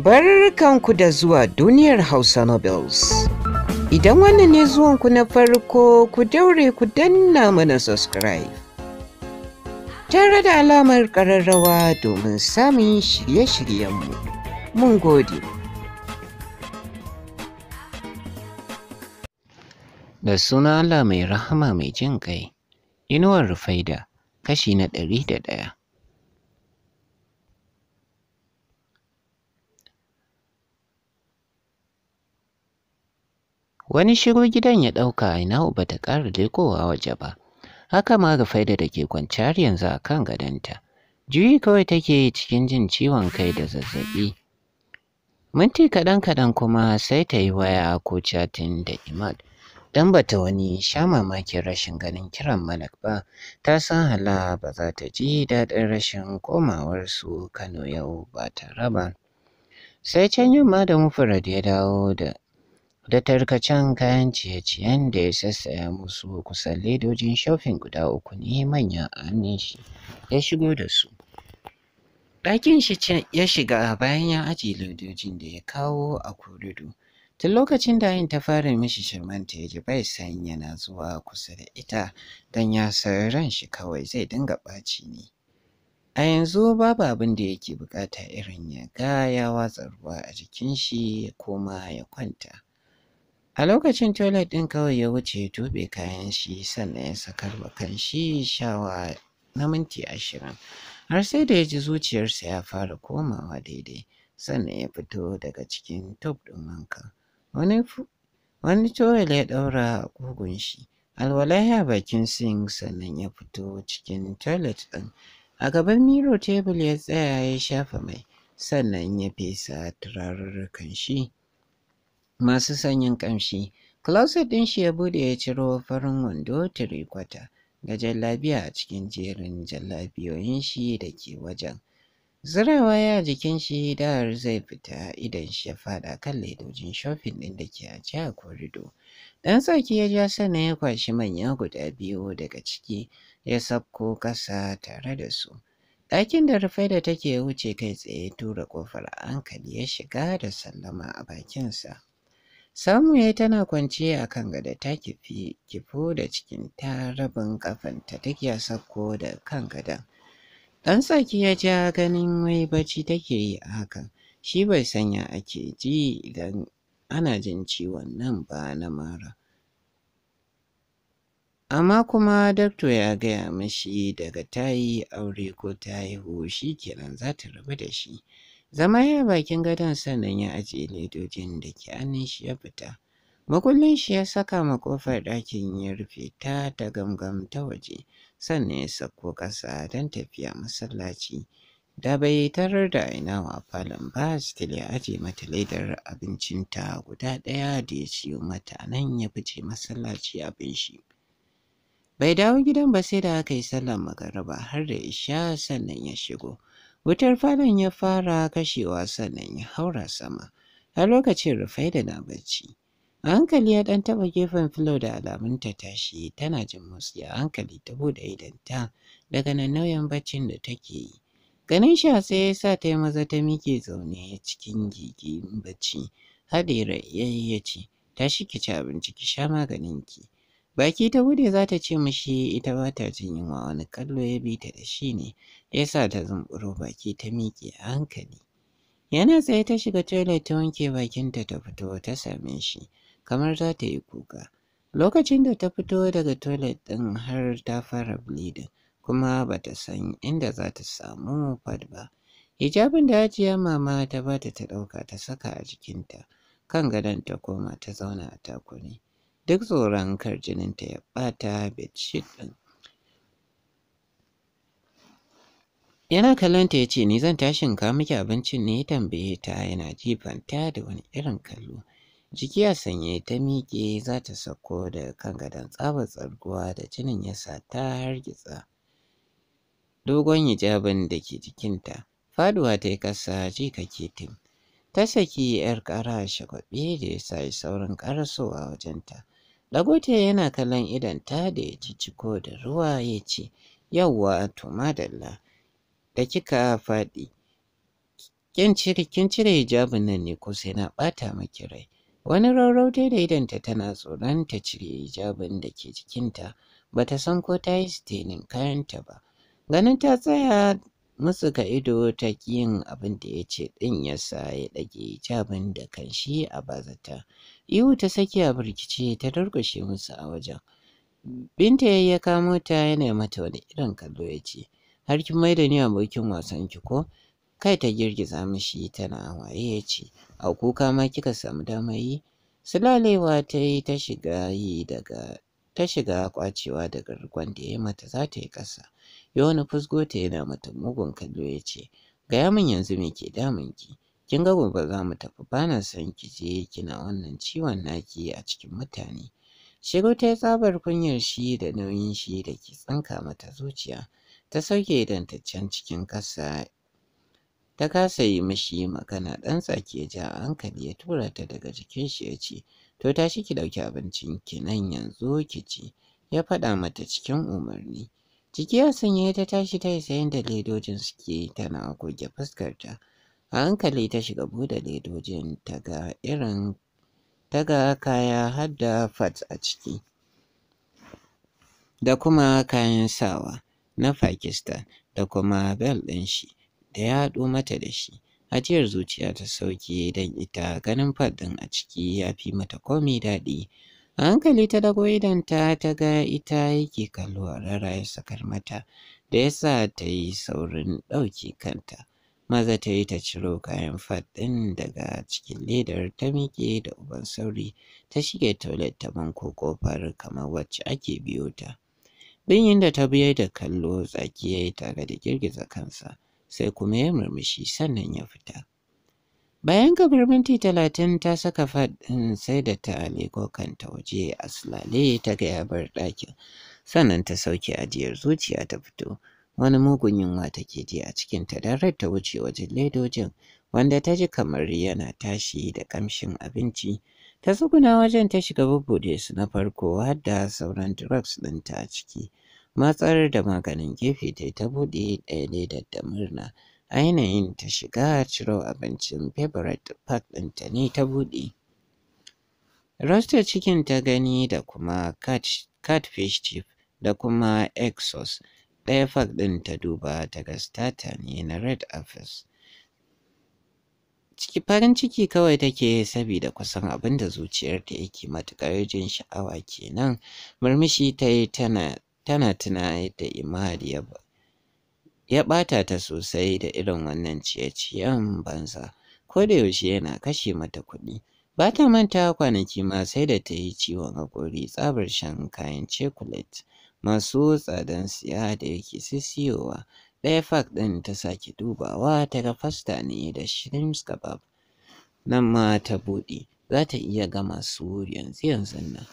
Barkanku da zuwa duniyar Hausa Nobles. Idan wannan ne zuwanku na farko ku daure ku danna mana subscribe. Tare da alamar ƙararrawa domin samun shirye-shiryenmu. Mun gode. Da suna Allah mai rahama mai jin kai, inuwar Rufaida, kashi na ɗari da ɗaya. wani shiru gidan ya ɗauka ina uba ta ƙara lekowa waje ba haka ma ga faida da ke kwanciyar yanzu a kan gadonta juyi kawai take cikin jin ciwon kai da zazzaɓi minti kaɗan kaɗan kuma sai ta yi waya ko catin da imad dan bata wani sha mamakin rashin ganin kiran malak ba ta san hala ba za ta ji daɗin rashin komawarsu kano yau ba tare ba sai can yamma da mufarad ya dawo da da tarkacen kayan ciye-ciyen da ya sassaya musu kusan ledojin shafin guda uku ne manyan a ya shigo da su. Ɗakin shi ya shiga bayan ya ajiye ledojin da ya kawo a Kududu. Tun lokacin da yin ta fara mishi shirmanta ya ji bai san yana zuwa kusa da ita don ya san ran shi kawai zai dinga ɓaci ne. A yanzu babu abin da yake bukata irin ya ga ya watsa ruwa a jikin shi kuma ya kwanta. A lokacin toilet ɗin kawai ya wuce ya tuɓe kayan shi sannan ya sakar wa kanshi shawa na minti ashirin. Har sai da ya ji zuciyarsa ya fara komawa daidai sannan ya fito daga cikin tub ɗin wanka. Wani wani ya ɗaura a ƙugun shi. Alwala ya bakin sink sannan ya fito cikin toilet ɗin. A gaban miro tebul ya tsaya ya shafa mai sannan ya fesa turarurrukan shi. masu sanyin kamshi, Closet din shi ya bude ya ciro farin wando tirikwata da jallabiya a cikin jerin jallabiyoyin shi da ke wajen. Zirawa ya jikin shi da'ar zai fita idan shi ya fada kan ledojin shofin ɗin da ke a a korido. dan tsaki ya ja sannan ya kwashi manya guda biyu daga ciki ya sabko ƙasa tare da su. Ɗakin da rufai da take wuce kai tsaye tura ƙofar a hankali ya shiga da sallama a bakinsa. Samu ya tana kwance a kan gada ta kifi kifo da cikin ta rabin kafanta take ya sako da kan gada. Ɗan Saki ya ja ganin wai bacci take yi a hakan, shi bai sanya ake ji idan ana jin ciwon nan ba na mara. Amma kuma dakto ya gaya mashi daga ta yi aure ko ta haihu shi kenan za ta rabu da shi. Zama ya bakin gadon sannan ya ajiye ledojin da ke hannun shi ya fita. Makullin shi ya saka ma kofar ɗakin ya rufe ta da gamgam ta waje sannan ya sako ƙasa don tafiya masallaci. Da bai tarar da aina wa falon ba still ya aje mata ledar abincinta guda ɗaya da ya siyo mata nan ya fice masallaci abin shi. Bai dawo gidan ba sai da aka yi sallar magariba har da isha sannan ya shigo. Wutar falon ya fara kashewa sannan ya haura sama. A lokacin rufai da na bacci. A hankali ya ɗan taɓa gefen filo da alamun ta tashi tana jin motsi a hankali ta buɗe idanta daga nan nauyin baccin da take yi. Ganin shi a tsaye ya sa ta yi maza ta miƙe zaune cikin gigin bacci. Hadira ya yi ya ce, tashi ki ci abinci ki sha maganin ki. Baki ta buɗe za ta ce mishi ita ba ta jin yunwa wani kallo ya bi ta da shi ne, ya sa ta zumburo baki ta miƙe a hankali. Yana tsaye ta shiga toilet ta wanke bakinta ta fito ta same shi, kamar za ta yi kuka. Lokacin da ta fito daga toilet ɗin har ta fara bleeding, kuma ba ta san inda za ta samu pad ba. Hijabin da hajiya mama ta bata ta ɗauka ta saka a jikinta, kan gadon ta koma ta zauna a takure. duk tsoron kar jininta ya ɓata bedsheet ɗin. Yana kallonta ya ce, Ni zan tashin ka miki abincin ne ya tambaye ta yana jifanta da wani irin kallo. Jiki a sanye ta miƙe za ta sako da kan gadon tsabar tsarguwa da jinin ya sa ta hargitsa. Dogon hijabin da ke jikinta, faduwa ta yi ƙasa ji ka Ta saki ‘yar ƙara shagwaɓe da ya sa saurin ƙarasowa wajenta. Dagote yana kallon idonta da ya ci ciko da ruwa ya ce, Yawwa to madalla, da kika faɗi. Kin cire hijabin nan ne ko sai na ɓata miki rai. Wani raurau da idonta tana tsoron ta cire hijabin da ke jikinta, ba ta san ko ta yi sitenin kayanta ba. Ganin ta tsaya musu ka ido ta yin abin da ya ce ɗin ya sa ya ɗage hijabin da kan shi a bazata. Ihu ta saki a birkice ta durkushe musu a wajen. Binta ya kamo ta yana mata wani irin kallo ya ce, Har kin da ni abokin wasan ki ko? Kai ta girgiza mishi tana waye ya ce, A kuka ma kika samu damar yi? Sulalewa ta yi ta shiga yi daga ta shiga kwacewa daga rikon da ya yi mata za ta yi ƙasa. Yau na fusgo ta yana mata mugun kallo ya ce, Gaya min yanzu me ke damun ki? kin ga gobe za mu tafi ba na son ki je kina wannan ciwon naki a cikin mutane Shigo ta tsabar kunyar shi da nauyin shi da ke tsinka mata zuciya ta sauke idan ta can cikin kasa ta kasa yi mishi magana ɗan tsaki ya ja hankali ya tura ta daga jikin shi ya ce to tashi ki ɗauki abincin ki nan yanzu ki ci ya faɗa mata cikin umarni jiki ya sanya ta tashi ta isa sayan da ledojin suke tana goge fuskarta A hankali ta shiga buɗe ledojin ta ga irin ta ga kaya har da fat a ciki da kuma kayan sawa na Pakistan da kuma bel ɗin shi da ya haɗo mata da shi. Ajiyar zuciya ta sauke don ita ganin fat ɗin a ciki ya fi mata komi daɗi. A hankali ta dago idanta ta ga ita yake kallo a rara ya sakar mata da ya sa ta yi saurin ɗauke kanta. maza ta yi ta ciro kayan fat ɗin daga cikin ledar ta miƙe da uban sauri ta shige toilet ta ko ƙofar kamar wacce ake biyo ta. Binyin da ta biyar da kallo tsaki ya yi tare da girgiza kansa sai kuma ya murmushi sannan ya fita. Bayan gabar minti talatin ta saka fat ɗin sai da ta leko kanta waje a sulale ta ga ya bar ɗakin sannan ta sauke ajiyar zuciya ta fito. wani mugun yunwa take ji a cikinta don rai ta wuce wajen ledojin wanda ta ji kamar yana tashi da ƙamshin abinci ta tsuguna wajen ta shiga bubbuɗe su na farko har da sauran drugs ɗinta a ciki matsar da maganin gefe ta ta buɗe ɗaya ledar da murna a ta shiga ciro abincin favorite pack ɗinta ne ta buɗe Rasta chicken ta gani da kuma catfish chip da kuma egg sauce ɗaya fak ɗin ta duba ta ga ne na red office ciki farin ciki kawai take sabida kusan abin da zuciyarta yake matuƙar jin sha'awa kenan murmushi ta yi tana tana tuna da ya ya ɓata ta sosai da irin wannan ciye-ciyen banza ko da yaushe yana kashe mata kuɗi ba ta manta kwanaki ma sai da ta yi ciwon haƙori tsabar shan kayan cekulet masu tsadan siya da yake sisiyowa. Ɗaya fak ɗin ta sake dubawa ta ga fasta ne da shrimps kebab. Nan ma ta buɗe za ta iya gama su yanzu yanzun nan.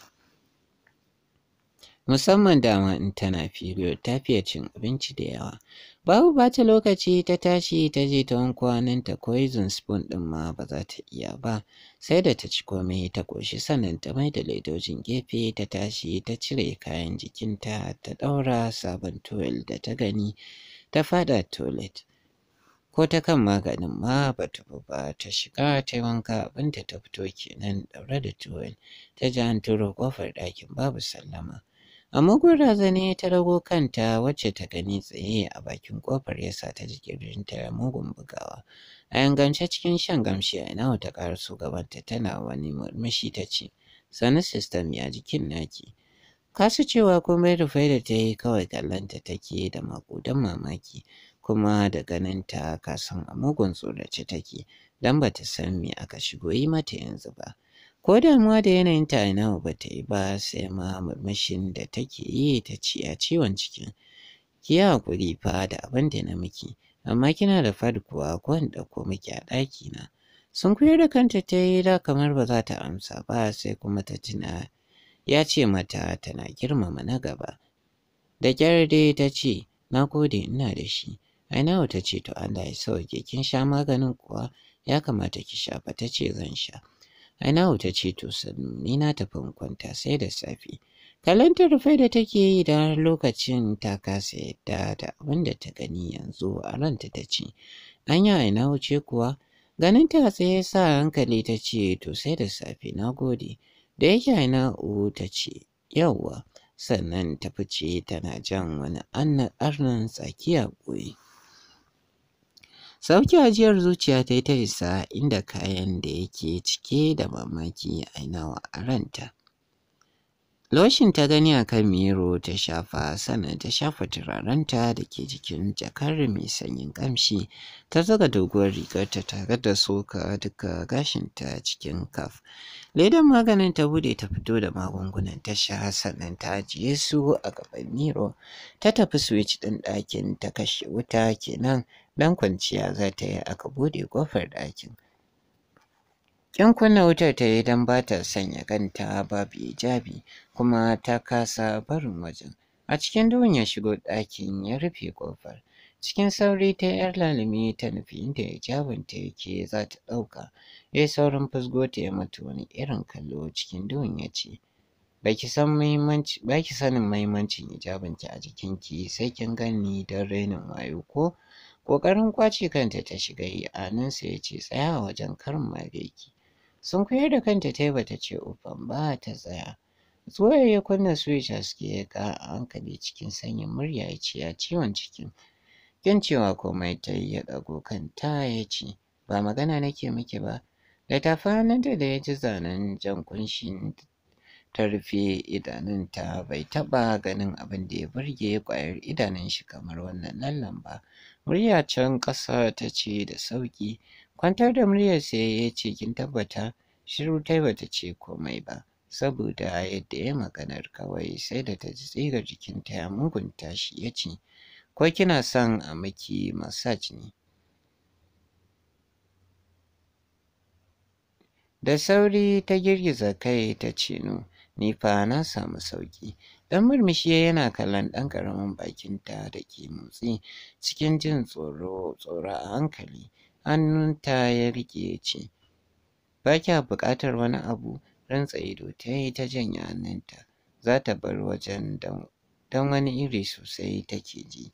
musamman dama in tana period ta fiye cin abinci da yawa. Babu bata lokaci ta tashi ta je ta wanko ta poison spoon ɗin ma ba za ta iya ba, sai da ta ci komai ta ƙoshi sannan ta mai da ledojin gefe ta tashi ta cire kayan jikinta ta ɗaura sabon tuwel da ta gani ta fada toilet. Ko ta kan maganin ma ba ta ba ta shiga ta yi wanka abinta ta fito kenan ɗaure da tuwel ta ji an turo ƙofar ɗakin babu sallama. A mugun razani ta rago kanta wacce ta gani tsaye a bakin kofar yasa ta ji ya mugun bugawa. A yangance cikin shan gamshi a nawa ta su gabanta tana wani murmushi ta ce, Sani sistem ya jikin naki. Kasu cewa komai rufai da ta yi kawai kallonta take da makudan mamaki kuma da ganinta kasan a mugun tsorace take don ba ta san me aka shigo yi mata yanzu ba. Ko damuwa da yanayin ta ina ba ta yi ba sai ma murmushin da take yi ta ce a ciwon cikin. Ki kuri fa da abin da na miki, amma kina da fad kuwa ko in dauko miki a na? Sun kuyar da kanta ta yi da kamar ba za ta amsa ba sai kuma ta tuna ya ce mata tana girmama na gaba. Da kyar dai ta ce, na gode ina da shi. ina ta ce to Allah ya sauke kin sha maganin kuwa ya kamata ki sha ba ta ce zan sha. anahu ta ce to sannu na tafi kwanta sai da safe. Kalanta ta rufe da take yi da lokacin ta kasa yadda da wanda ta gani yanzu a ranta ta ce, Anya aina wuce kuwa? Ganin ta tsaye sa hankali ta ce to sai da safe na gode. Da yake aina ta ce yauwa sannan ta fice tana jan wani arnan tsakiya goyi. Sauki ajiyar zuciya ta yi ta isa inda kayan da yake cike da mamaki ainawa a ranta. Loshin ta gani a kan miro ta shafa sannan ta shafa turarenta da ke jikin jakar mai sanyin kamshi ta zaga doguwar rigarta tare da soka duka gashinta cikin kaf. Ledan maganin ta bude ta fito da magungunan ta sha sannan ta ajiye su a gaban miro ta tafi switch ɗin ɗakin ta kashe wuta kenan don kwanciya za ta yi aka bude kofar ɗakin. Ƙin kunna wutar ta yi don ba ta sanya kanta babu hijabi kuma ta kasa barin wajen. A cikin duhun ya shigo ɗakin ya rufe ƙofar. Cikin sauri ta ‘yar lalumi ta nufi inda hijabinta yake za ta ɗauka. Ya yi saurin fusgo ta ya mata wani irin kallo cikin duhun ya ce, Ba ki sanin mahimmancin hijabinki a jikinki sai kin gani don rainin wayo ko? Ƙoƙarin ƙwace kanta ta shiga yi a ya ce tsaya wajen karin mageki. Sun koyar da kanta ta yi bata ce ufan ba ta tsaya. Zuwa ya kunna switch suke ya ka a hankali cikin sanyin murya ya ce ya ciwon ciki. Kin cewa komai ta yi ya ɗago kanta ya ce ba magana nake miki ba. Da ta da ya ji zanen jan kunshin ta rufe idanunta bai taɓa ganin abin ya burge kwayar idanun shi kamar wannan lallan ba. Murya can ƙasa ta ce da sauƙi. Kwantar da muryar sai ya ce kin tabbata shiru tai bata ce komai ba. Saboda yadda ya maganar kawai sai da ta tsira jikin jikinta ya mugunta shi ya ce ko kina son a miki masaj ne. Da sauri ta girgiza kai ta ce no ni fa na samu sauƙi. Dan murmushi yana kallon ɗan ƙaramin bakinta da ke motsi cikin jin tsoro tsoro a hankali. Hannunta ya riƙe ce, ba kya buƙatar wani abu rantsa ido ta yi ta janye hannunta. Za ta bar wajen don wani iri sosai take ji.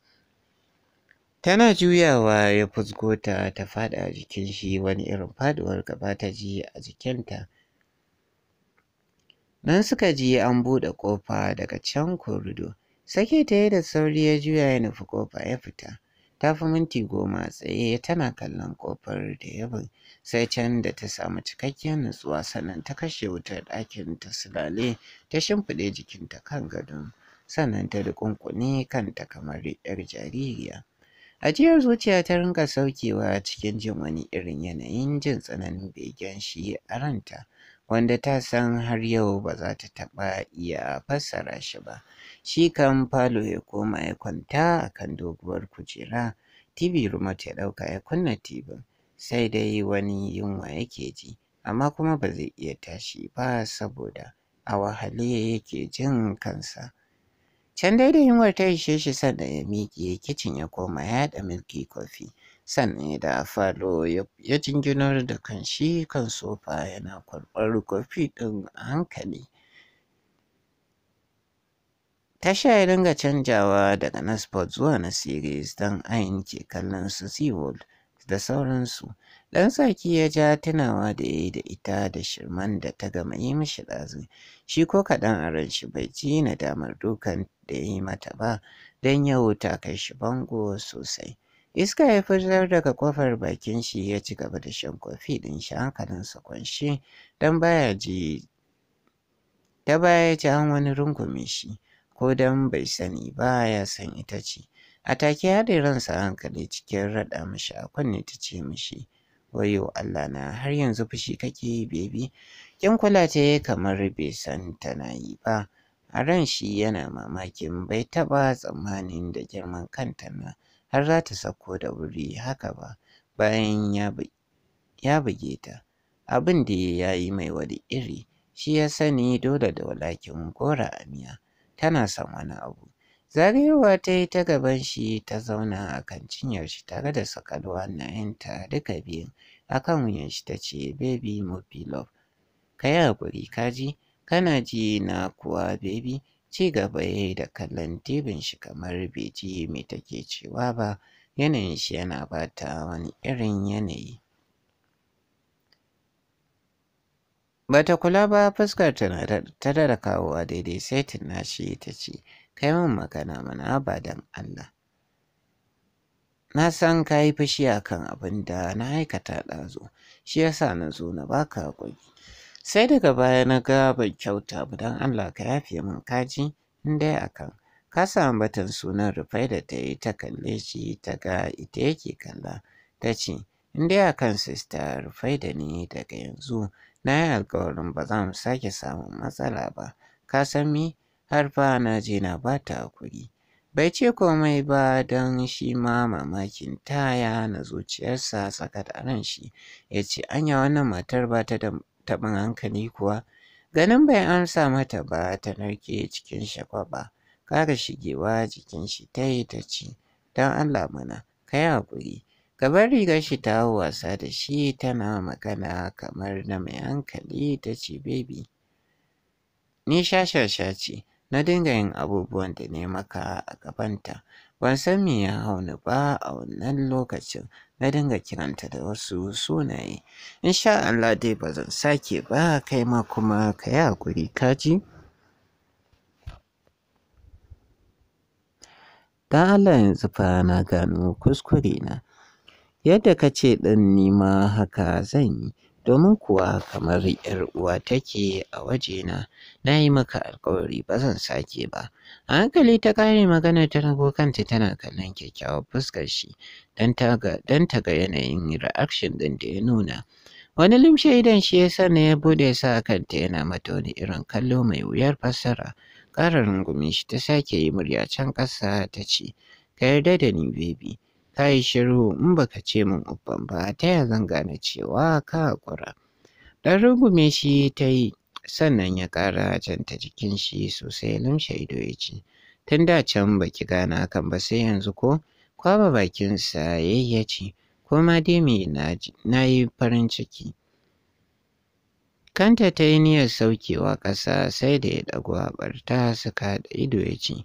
Tana juyawa ya fusgo ta ta faɗa jikin shi wani irin faɗuwar gaba ta ji a jikinta. Don suka ji an buɗe ƙofa daga can korido. Sake ta yi da sauri ya juya ya nufi ƙofa ya fita. Ta fi minti goma tsaye tana kallon ƙofar da bi sai can da ta samu cikakken nutsuwa sannan ta kashe wutar ɗakin ta sulale ta shimfiɗe jikinta kan gadon sannan ta ƙunƙuni kanta kamar yar jaririya. Ajiyar zuciya ta rinka saukewa cikin jin wani irin yanayin jin tsananin begen shi a ranta. wanda ta san har yau ba za ta taɓa iya fassara shi ba. Shi kan falo ya koma ya kwanta a kan doguwar kujera, TV remote ya ɗauka ya kunna TV sai dai wani yunwa yake ji, amma kuma ba zai iya tashi ba saboda a wahale yake jin kansa. Can dai da yunwar ta ishe shi sannan ya miƙe kicin ya koma ya haɗa milki kofi. Sannan da falo ya jinginar da kanshi kan sofa yana karɓar kofi ɗin a hankali tasha ya dinga canjawa daga na sport zuwa na series don ayin ke kallon su seaworld da sauransu ɗan saki ya ja tunawa da ya yi da ita da shirman da ta gama yi mishi ɗazu shi ko kaɗan a ran shi bai ji na damar dukan da ya yi mata ba don yau ta kai shi bango sosai Iska ya fitar daga kofar bakin shi ya ci gaba da shan kofi ɗin shi hankalinsa kwanshi don baya ji ta baya ya ci an wani rungume shi ko don bai sani ba ya san ita ce. A take ya da ransa hankali cikin raɗa mishi a kunne ta ce mishi wayo Allah na har yanzu fushi kake yi bebi kin kula ta yi kamar bai san tana yi ba a ran shi yana mamakin bai taɓa tsammanin da girman kanta na har za ta sauko da wuri haka ba bayan ya buge ta. Abin da ya yi mai wani iri shi ya sani dole da walakin gora miya. tana son wani abu. Zagayowa ta yi ta gaban shi ta zauna a kan cinyar shi tare da 'yan ta duka biyun a kan wuyan shi ta ce baby mu love. Ka yi haƙuri ka ji kana ji na kuwa baby ci gaba ya da kallon tibin shi kamar bai ji me take cewa ba yanayin shi yana ba ta wani irin yanayi bata kula ba fuskar ta dara kawowa daidai sai na shi ta ce kai min magana mana ba don Allah na san ka yi fushi akan abin da na aikata ɗazu shi yasa na zo na baka hakuri sai daga baya na ga ban kyauta ba don Allah ka yafe mun kaji in dai akan ka samu batan sunan rufai da ta yi ta kalle shi ta ga ita yake kalla ta ce in dai akan sista rufai da ni daga yanzu na yi alkawarin ba za mu sake samun matsala ba ka san mi har fa na je na ba ta hakuri bai ce komai ba don shi ma mamakin taya na zuciyarsa saka da ran shi ya ce anya wannan matar ba ta da taɓin hankali kuwa ganin bai amsa mata ba ta narke cikin shagwaba ƙara shigewa jikin shi ta yi ta ce don Allah mana ka yi haƙuri ka bar rigar shi ta wasa da shi tana magana kamar na mai hankali ta ce baby ni shashasha ce na dinga yin abubuwan da ne maka a gabanta ban san me ya hauni ba a wannan lokacin na dinga kiranta da wasu sunaye insha Allah dai ba zan sake ba kai ma kuma ka yi hakuri kaji Da Allah yanzu fa na gano kuskure na yadda ka ce ɗin nima haka zan yi domin kuwa kamar 'yar uwa take a wajena na yi maka alkawari ba zan sake ba a hankali ta kare magana ta rago kanta tana kallon kyakkyawar fuskar shi don ta ga yanayin reaction ɗin da ya nuna wani limshe idan shi ya na ya bude sa kanta yana mata wani irin kallo mai wuyar fassara ƙara rungumin shi ta sake yi murya can ƙasa ta ce ka yarda da ni bebi. Ka yi shiru in baka ce min uban ba ta ya zan gane cewa ka haƙura. Ɗan rungume shi ta yi sannan ya ƙara janta jikin shi sosai lamshe ido ya ce. Tun da can baki gane hakan ba sai yanzu ko? Kwaba bakinsa ya ya ce, ko ma dai me na yi farin ciki. Kanta ta yi niyyar saukewa ƙasa sai da ya ɗago ɓarta suka haɗa ido ya ce,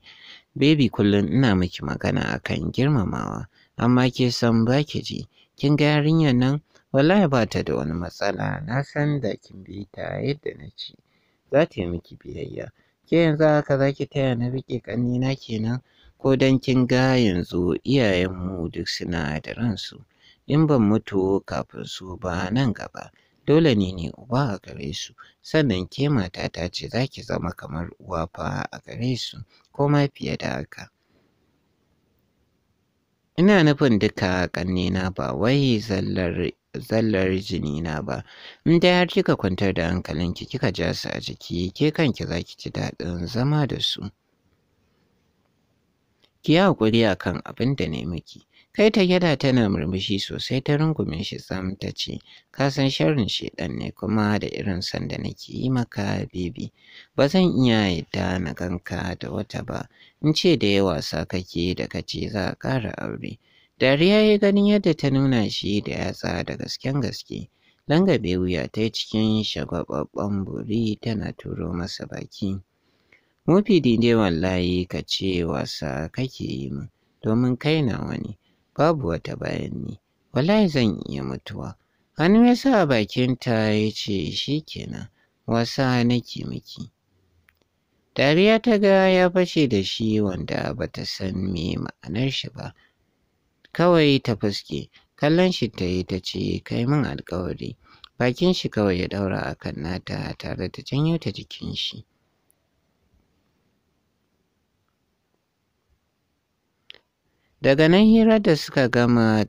Baby kullum ina miki magana akan girmamawa, amma ke son baki ji kin ga yarinyar nan wallahi ba ta da wani matsala na san da kin bi ta yadda na ci. za ta yi miki biyayya ke yanzu haka za ki taya na riƙe ƙannina kenan ko don kin ga yanzu iyayenmu duk suna da ransu in ban mutu kafin su ba nan gaba dole ne ne uba a gare su sannan ke ta ce za ki zama kamar uwa fa a gare su ko ma fiye da haka Ina nufin duka ƙannena ba wai zallar zallar jinina ba. In dai har kika kwantar da hankalinki kika ja su a jiki ke kanki za ki ji daɗin zama da su. Ki yi haƙuri a kan abin da na miki. Kai ta gyada tana murmushi sosai ta rungume shi tsam ta ce, Ka san sharrin shedan ne kuma da irin sanda nake yi maka bibi. Ba zan iya yadda na ganka da wata ba, in ce da yawa sa kake da kace za a ƙara aure. Dariya ya ganin yadda ta nuna shi da yatsa da gasken gaske. Langabe wuya ta cikin shagwaɓaɓɓen buri tana turo masa baki. Mufi dai wallahi ka ce wasa kake yi min, domin kai nawa ne. babu wata bayani wallahi zan iya mutuwa hannu ya sa bakinta ya ce shi kenan wasa nake miki dariya ta ga ya fashe da shi wanda bata san me ma'anar shi ba kawai ta fuske kallon shi ta yi ta ce kai min alkawari bakin shi kawai ya daura kan nata tare ta janyo ta jikin shi Daga nan hirar da suka gama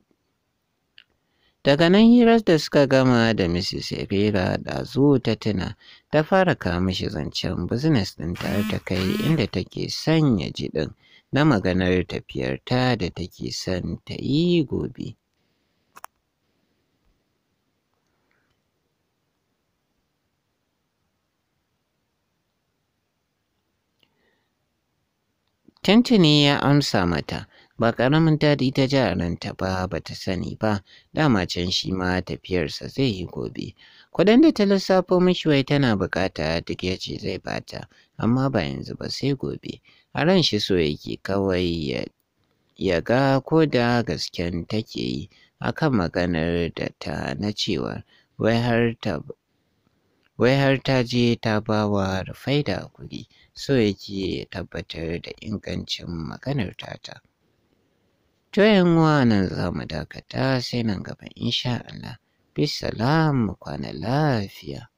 Daga nan hirar da suka gama da Mrs. da ɗazu ta tuna ta fara kama shi zancen business ɗin tare ta kai inda take son ya ɗin na maganar tafiyarta da take son ta yi gobe. Tintini ya amsa mata, ba ƙaramin daɗi ta ji a ranta ba ba ta sani ba dama can shi ma tafiyarsa zai yi gobe kuɗin da ta lissafo mishi wai tana buƙata duk ya ce zai bata amma ba yanzu ba sai gobe a ran shi so yake kawai ya ga ko da gasken take yi akan maganar da ta na cewa wai har ta wai ta je ta ba wa da kuɗi so yake tabbatar da ingancin maganar tata. To yanwa nan za mu dakata sai nan gaba insha Allah. Bisalam kwana lafiya.